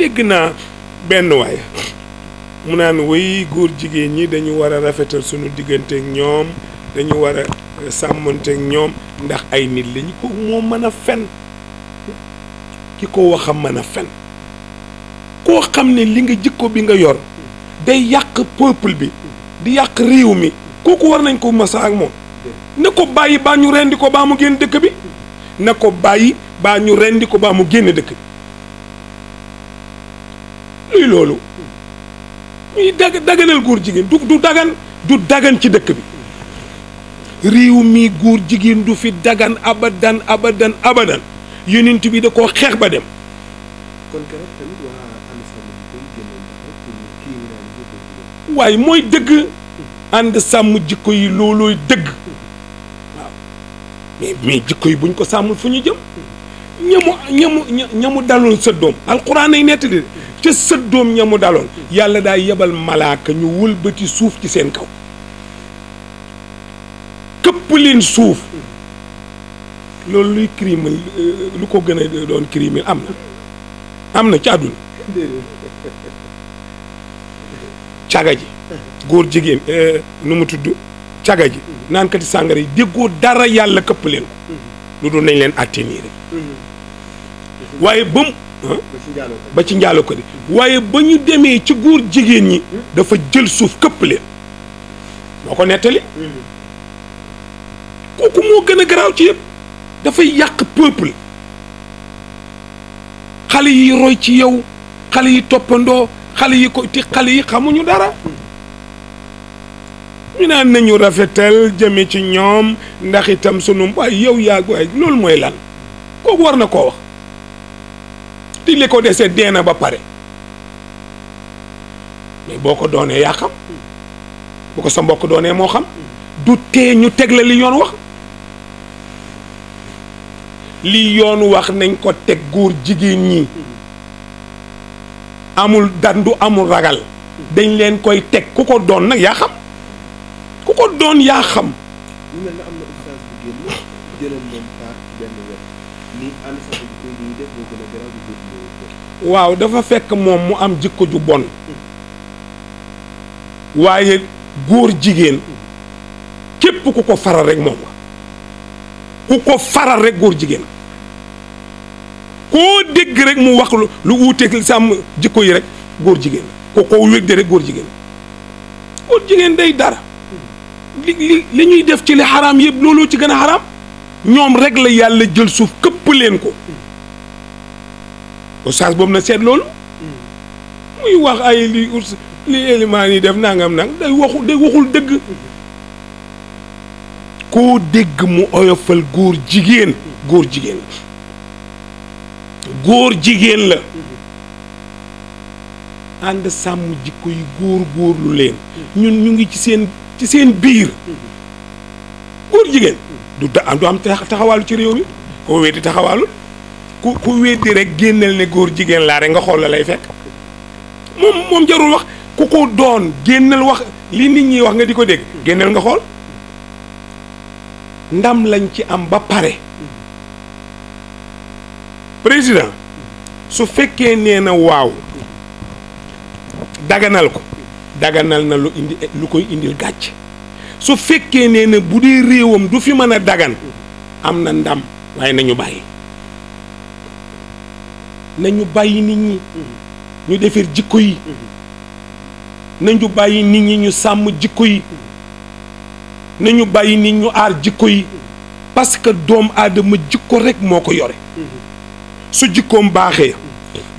dégg naa benn waay mu naan wéy góor jigéen ñi dañu war a rafetal suñu digganteek ñoom dañu war a sàmmanteek ñoom ndax ay nit lañu ko moo mën a fen ki ko wax a mën a fen koo xam ne li nga jikko bi nga yor day yàq peuple bi di yàq réew mi kooku war nañ ko masa ak moom na ko bàyyi baa ñu rendi ko baa mu génn dëkk bi na ko bàyyi baa ñu rendi ko baa mu génn dëkk bi loolu ñuy dag daganal góor jigéen du du dagan du dagan ci dëkk bi réew mi góor jigéen du fi dagan abadan abadan abadan yonent bi da ko xeex ba dem waaye mooy dëgg ànd sàmm jikko yi loolooy dëgg mais mais jikko yi buñ ko sàmmul fu ñu jëm ñamu ñamu ñamu daloon sa doom alxuraan ay nettali ca sa doom ñamu daloon yàlla daay yebal malaaka ñu wëlbati suuf ci seen kaw këpp leen suuf loolu luy crime euh, lu ko gën a doon crime am na am na ci àdduna caga ji góor jigéen euh, nu mu tudd caga ji naan kati sàngara yi déggoo dara yàlla këpp leen ko lu dul nañ leen atténuer waaye ba mu ba ci njaaloo ko di waaye ba ñu demee ci góor jigéen ñi dafa jël suuf këpp leen moo ko nettali kooku moo gën a garaaw ci yëpp dafay yàq peuple xale yi roy ci yow xale yi toppandoo xale yi ko ti xale yi xamuñu dara ñu naan nañu rafetal jëme ci ñoom ndax itam sunu waay yow yaag waay loolu mooy lan kooku war na koo wax te li ko dese dee ba pare boo ko doonee yaa xam bu ko sa mbokk doonee moo xam du tee ñu teg la li yoon wax li yoon wax nañ ko teg góor jigéen ñi amul dandu amul ragal dañ leen koy teg ku ko doon nag yaa xam ku ko doon yaa xam. waaw dafa fekk moom mu am jikko ju bon waaye góor jigéen képp ku ko faral rek moom ku ko faral rek góor jigéen koo dégg rek mu wax lu wuuteeg sam jikko yi rek góor jigéen ko ko wégde rek góor jigéen góor jigéen day dara li li li ñuy def ci li xaraam yëpp looloo ci gën a xaraam ñoom rek la yàlla jël suuf këpp leen ko oustaz boobu na seet loolu hmm. muy wax ay li oust li élimaan yi def nangam nang day waxu day waxul dëgg koo dégg mu oyofal góor jigéen góor jigéen la góor jigéen la ànd sàmm jikko yi góor góor leen ñun ñu ngi ci seen ci seen biir góor jigéen du da du am taxawaalu ci réew yi koo weeti taxawaalu ku ku weddi rek génneel ne góor jigéen laa rek nga xool la lay fekk moom moom jarul wax ku ko doon génneel wax li nit ñi wax nga di ko dégg génneel nga xool ndam lañ ci am ba pare président su fekkee nee na waaw daganal ko daganal na lu indi lu koy indil gàcc su fekkee nee na bu dee réewam du fi mën a dagan am na ndam waaye nañu bàyyi nañu bàyyi nit ñi ñu defar jikko yi nañu bàyyi nit ñi ñu sàmm jikko yi na ñu bàyyi nit ñu aar jikko yi parce que doom aadama jikko rek moo ko yore su jikkoom baaxee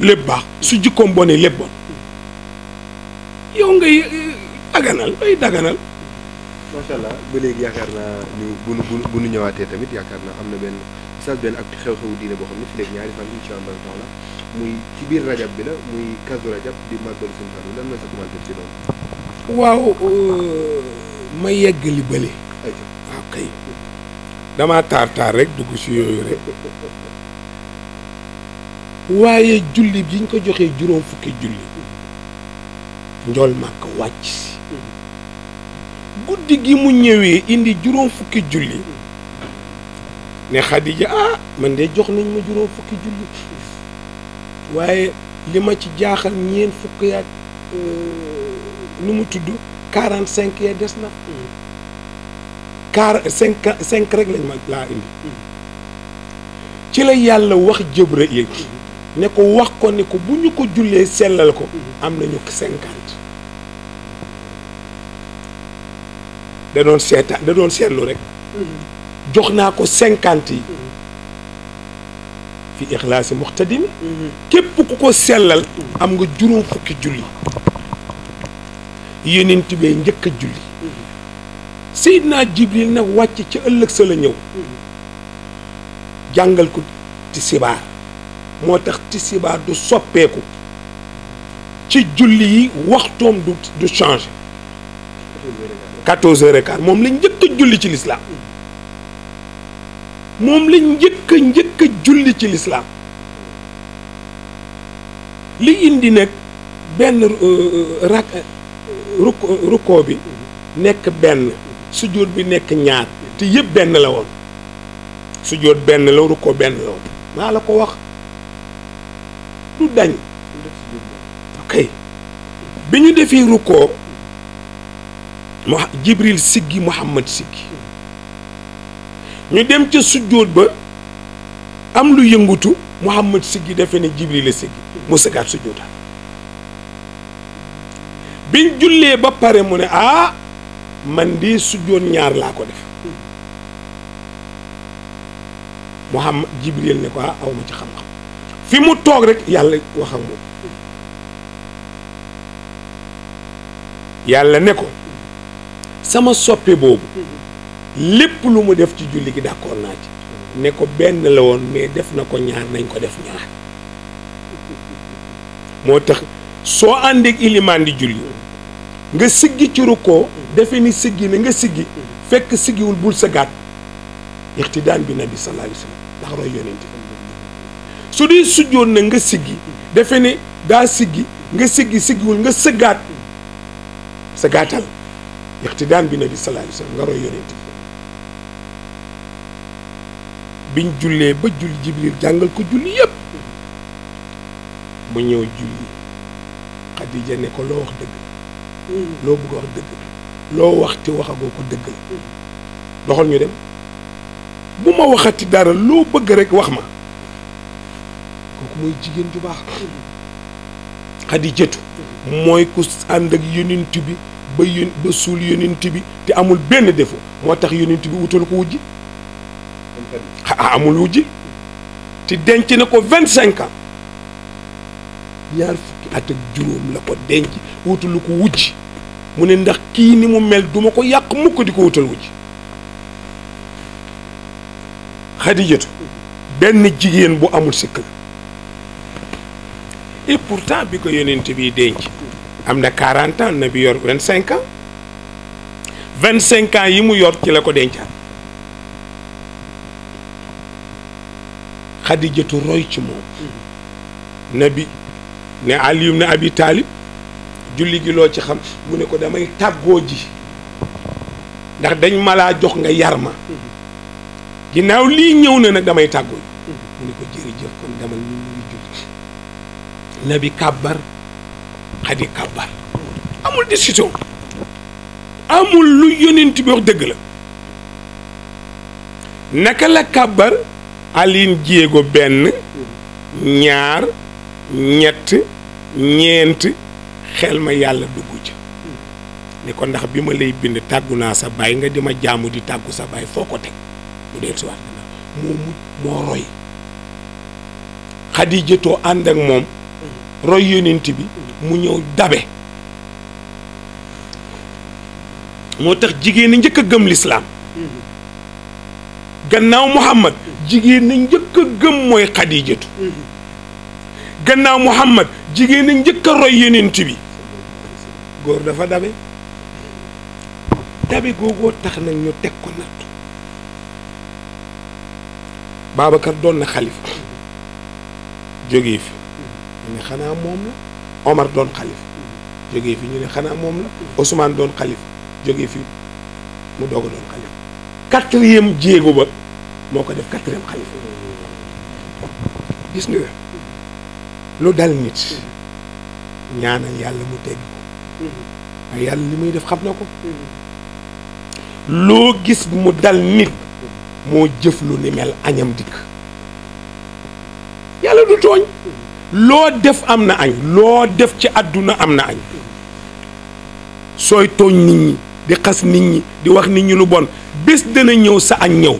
lépp baax su jikkoom bonee lépp bon yow ngay euh, daganal ngay daganal macha allah ba léegi yaakaar naa ni bu bu bu ñu ñëwaatee tamit yaakaar naa am na benn sas benn ak xew-xewu diine boo xam ne fi ñaari fan muy ci biir rajab bi la muy kazu rajab di màggalu seen fan lan la sa waaw euh, ma yegg li bële. waaw ah, kay damaa taar taar rek dugg si yooyu rek waaye julli ko joxee juróom fukki julli njool màkk wàcc si mm-hmm. guddi gi mu ñëwee indi juróom fukki julli. ne Xadija ah man de jox nañ ma juróom fukki julli waaye li ma ci jaaxal ñeen fukk yaag euh, nu mu tudd quarante cinq des na quarante cinq cinq rek lañ ma laa indi ci la yàlla wax Jibriil ne ko wax ko ne ko bu ñu ko jullee sellal ko am nañu cinquante da doon seetaan da doon seetlu rek jox naa ko cinquante yi fi ixlaasi muxtadimi képp ku ko sellal am nga juróom fukki julli yénent bee njëkk a julli naa Jibril nag wàcc ci ëllëg sa la ñëw jàngal ko tisibaar moo tax tisibaar du soppeeku ci julli yi waxtoom du du changé quatorze quart moom la njëkk julli ci lislaam moom la njëkk njëkk julli ci lislaam li indi nag benn euh, euh, rak euh, rukkoo bi nekk benn sujjóot bi nekk ñaar te yëpp benn la woon sujjóot benn la rukkoo benn la woon maa la ko wax du dañ ok bi ñu defee rukkoo mu jibril siggi muhammad siggi ñu dem ca sujjóot ba am lu yëngutu Muhammad siggi defe ne Jibril la siggi mu sëggaat sujjóotaat biñ jullee ba pare mu ne aa ah, man di sujjóot ñaar laa ko def Muhammad Jibril ne ko ah aw ci xam-xam fi mu toog rek yàlla wax ak yàlla ne ko sama soppe boobu lépp lu mu def ci julli gi d'accord naa ci ne ko benn la woon mais def na ko ñaar nañ ko def ñaar moo tax soo àndee ilimaan di julli nga siggi ci rukkoo defe ni siggi ne nga siggi fekk siggiwul bul sa gàtt ixtidaan bi nabi sallallahu alayhi ndax roy yonente su dee sujjoon na nga siggi defe ne daa siggi nga siggi siggiwul nga sëggaat sëggaatal ixtidaan bi nabi sallallahu alayhi wa sallam nga roy yonente biñ jullee ba julli jibril jàngal ko julli yépp mu ñëw julli xadija ne ko loo wax dëgg loo bëgg wax dëgg loo waxti waxagoo ko dëgg la doxal ñu dem bu ma waxati dara loo bëgg rek wax ma kooku mooy jigéen ju baax xadijatu mooy ku ànd ak yonent bi ba yón ba suul yonent bi te amul benn défaut moo tax yonent bi wutal ko wujji amul wujj te denc na ko vingt cinq ans ñaar fukki at ak juróom la ko denc wutalu ko wujj mu ne ndax kii ni mu mel duma ko yàq mukk di ko wutal wujj xadijatu benn jigéen bu amul sikk la et pourtant bi ko yonent bii denc am na quarante ans na bi yor vingt cinq ans vingt cinq ans yi mu yor ci la ko dencaat xadijatu roy ci moom nabi ne aliyum ne abi julli gi loo ci xam mu ne ko damay tàggoo ji ndax dañ malaa jox nga yar ma ginnaaw lii ñëw na nag damay tàggoo ji mu ne ko jërëjëf kon demal ñu ngi julli nabi kàbbar xadi kàbbar amul discussion amul lu yonent bi wax dëgg la naka la kabar Aline jéego benn ñaar ñett ñeent xel ma yàlla dugg ci ne ko ndax bi ma lay bind tàggu naa sa baay nga di ma jaamu di tàggu sa baay foo ko teg mu dee suwaat na moo mujj moo roy xadijatoo ànd ak moom roy yonent bi mu ñëw dabe moo tax jigéen njëkk a gëm lislaam gannaaw Muhammad jigéen na njëkk gëm mooy xadijatu gannaaw muhammad jigéen na njëkk a roy yenent bi góor dafa dabe dabe googoo tax nag ñu teg ko nattu Babacar doon na xalifa jógee fi ñu ne xanaa moom la Omar doon xalifa jóge fi ñu ne xanaa moom la Ousmane doon xalifa jógee fi mu doog doon xalifa quatrième jéego ba moo ko def quatrième xalifa gis nga lu dal nit ñaanal yàlla mu tegg ko yàlla li muy def xam na ko loo gis mu dal nit moo jëf lu ni mel añam dikk yàlla du tooñ loo def am na añ loo def ci àdduna am na añ sooy tooñ nit ñi di xas nit ñi di wax nit ñi lu bon bés dana ñëw sa añ ñëw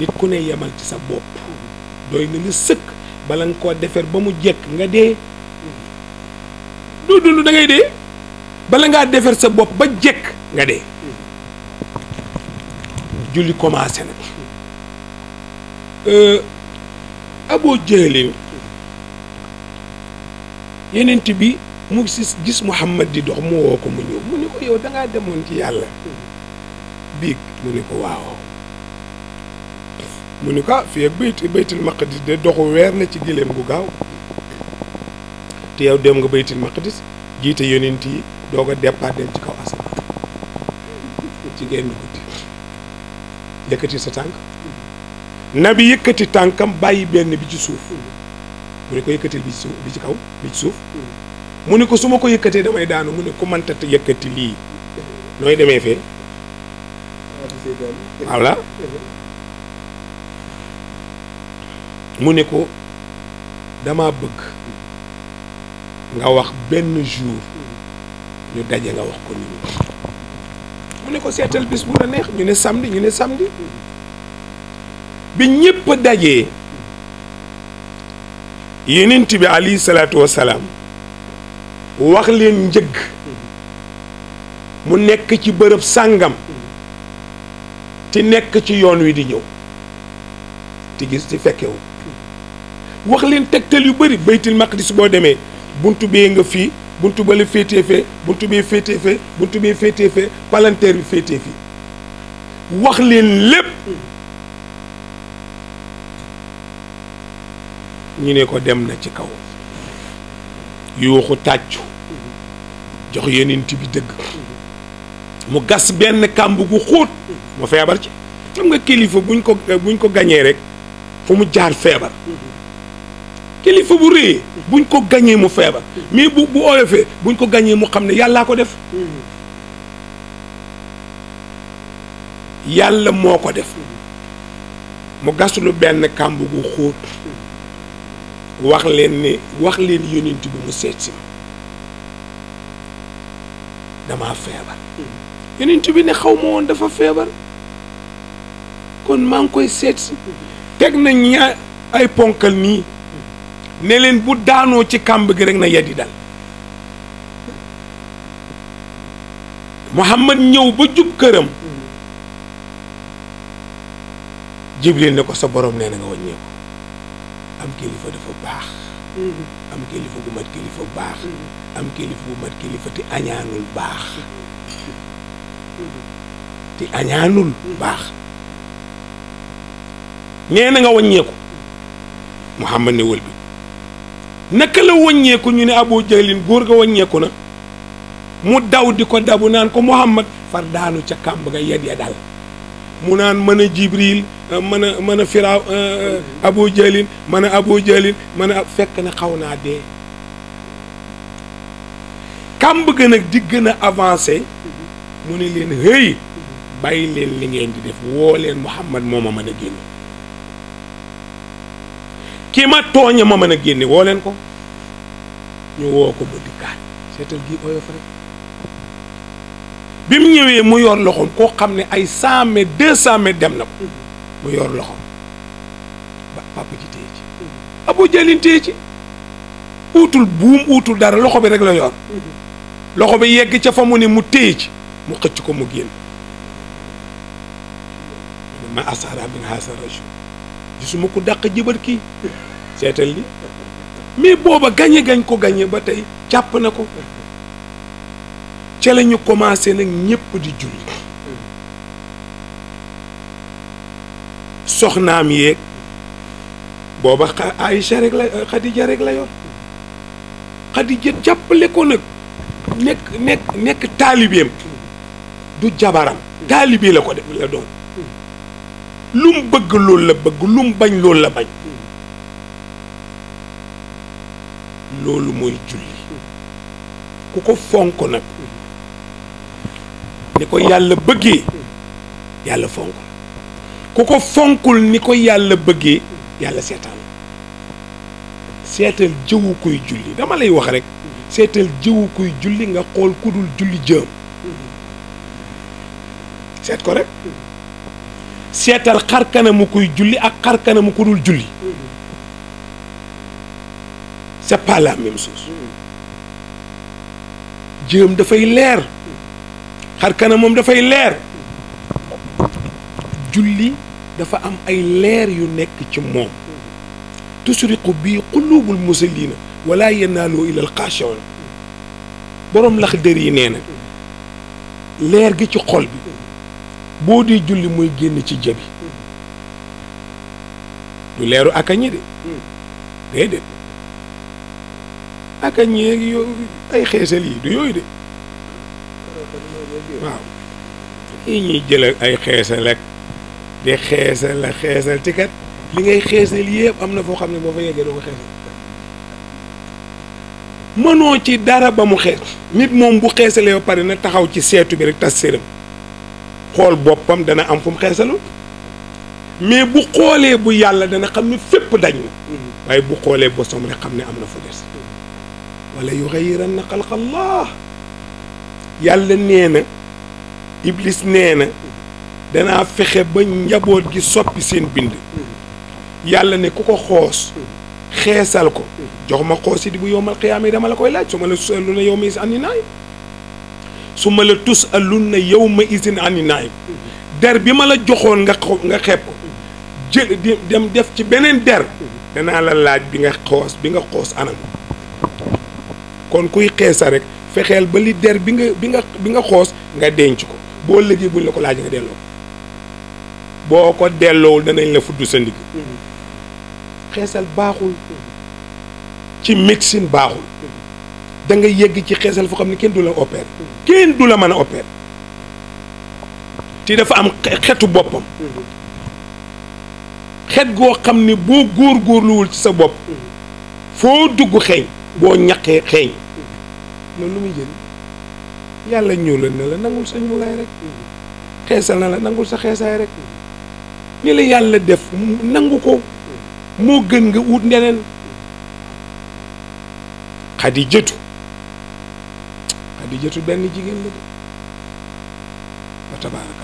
nit ku ne yemal ci sa bopp doy na sëkk bala nga koo defar ba mu jekk nga dee doo dund dangay ngay dee bala ngaa defar sa bopp ba jekk nga dee julli commencé nag euh, aboo jëlee yenent bi mu si gis Muhammad di dox mu woo ko mu ñëw mu ne ko yow da demoon ci yàlla biig mu ne ko waaw mu ni ko ah fii ak bayt baytul maqdis de doxu weer na ci gileem gu gaaw te yow dem nga baytul maqdis jiite yonent yi doo ko départ dem ci kaw asamaan ci génn guddi yëkkati sa tànk bi yëkkati tànkam bàyyi benn bi ci suuf mu ne ko bi bi ci ne ko su ma ko yëkkatee damay daanu mu ne ko manta yëkkati lii nooy demee fee voilà mu ne ko dama bëgg nga wax benn jour ñu daje nga wax ko nit mu ne ko seetal bis bu la neex ñu ne samedi ñu ne samedi bi ñépp dajee yenent bi alayhi salaatu wasalaam wax leen njëgg mu nekk ci bërëb sàngam ti nekk ci yoon wi di ñëw ti gis ti fekkewu wax leen tegtal yu bari baytil maqdis boo demee buntu bee nga fii buntu bale féete fee buntu bee féetee fee buntu bee féetee fee palanteer bi féete fii wax leen lépp ñu ne ko dem na ci kaw yuuxu tàccu jox yenent bi dëgg mu gas benn kàmb gu xóot mu feebar ci xam nga kilifa buñ ko buñ ko gañee rek fu mu jaar feebar kilifa bu rëy buñ ko gañee mu feebar mais bu bu oyofee buñ ko gañee mu xam ne yàllaa ko def yàlla moo ko def mu gasulu benn kàmb gu xóot wax leen ne wax leen yonent bi mu seet ma damaa feebar yonent bi ne xaw ma woon dafa feebar kon maa ngi koy seet teg nañ ñaar ay ponkal nii ne leen bu daanoo ci kàmb gi rek na yeddi dal Muhammad ñëw ba jub këram Jibril ne ko sa boroom nee na nga wàññeeku am kilifa dafa baax am kilifa bu mat kilifa baax am kilifa bu mat kilifa te añaanul baax te añaanul baax nee na nga wàññeeku Muhammad ne wëlbit naka la waññeeku ñu ne abu jahlin góor ga waññeeku na mu daw di ko dabu naan ko muhammad far daanu ca kàmb ga yet ya dal mu naan mën a jibril euh, mën a mën a firaaw euh, euh, abu jahlin mën a abu jahlin mën a fekk na xaw naa dee kàmb ga nag di gën a avancé mu ne leen hëy bàyyi leen li ngeen di def woo leen muhammad mooma mën a génn ki ma tooña ma mën a génne woo leen ko ñu woo ko mu dikkaat seetal gi oyof rek bi mu ñëwee mu yor loxoom koo xam ne ay cent mètres deux cent mètres dem na ko mu yor loxoom ba papa ji téye ci abu jalin téye ci uutul buum uutul dara loxo bi rek la yor loxo bi yegg ca fa mu ne mu téye ci mu xëcc ko mu génn gisuma ko dàq jëbal kii seetal li mais booba gañe gañ ko gañe ba tey jàpp na ko ca la ñu commencé nag ñépp di julli soxnaam yéeg booba Aïcha rek la Xadija rek la yor Xadija jàppale ko nag nekk nekk nekk taalibeem du jabaram taalibe la ko def la doon lu mu bëgg loolu la bëgg lu mu bañ loolu la bañ loolu mooy julli ku ko fonk nag ni ko yàlla bëggee yàlla fonk ku ko fonkul ni ko yàlla bëggee yàlla seetaan seetal jëwu koy julli dama lay wax rekk seetal jëwu koy julli nga xool ku dul julli jëm seet ko rekk seetal xar kanamu kuy julli ak xar dul julli c'est pas jëm dafay leer xar kanamam dafay leer julli dafa am ay leer yu nekk ci moom tusriqu bii quluubul musallina wala yanaaloo ilal xaashawa boroom lax dër yi nee na leer gi ci xol bi boo di julli muy génn ci jabi du leeru akañi de déedéet akañeeg yo ay xeesal yi du yooyu de waaw yii ñuy jël ay xeesal ak di xeesal la xeesal ci li ngay xeesal yëpp am na foo xam ne boo fa yeggee doo ko xeesal mënoo ci dara ba mu xees nit moom bu xeesalee ba pare na taxaw ci seetu bi rek tas séram xool boppam dana am fu mu xeesalu mais bu xoolee bu yàlla dana xam ne fépp dañ na waaye bu xoolee bosom rek xam ne am na fu des wala yuxayiran na xalqallah yàlla nee na iblis nee na danaa fexe ba njaboot gi soppi seen bind yàlla ne ku ko xoos xeesal ko jox ma xoos yi di bu yowmal xiyaama yi dama la koy laaj su ma la seetlu ne yow mi si am su ma la tus alun na yow ma isin ani naay der bi ma la joxoon nga nga xepp jël di dem def ci beneen der danaa la laaj bi nga xoos bi nga xoos anam kon kuy xeesa rek fexeel ba li der bi nga bi nga bi nga xoos nga denc ko boo léegi buñ la ko laaj nga delloo boo ko delloowul danañ la fudd sa ndigg mm-hmm. xeesal baaxul ci médecine baaxul da nga yegg ci xeesal foo xam ne kenn du la opérer kenn du la mën a opérer te dafa am xetu boppam xet goo xam ne boo góor góorgóorluwul ci sa bopp foo dugg xeeñ boo ñaqee xeeñ loolu lu muy jël yàlla ñuulal na la nangul sa ñuulaay rek xeesal na la nangul sa xeesaay rek ni la yàlla def nangu ko moo gën nga wut neneen Xadijatu xadijatu benn jigéen la de wa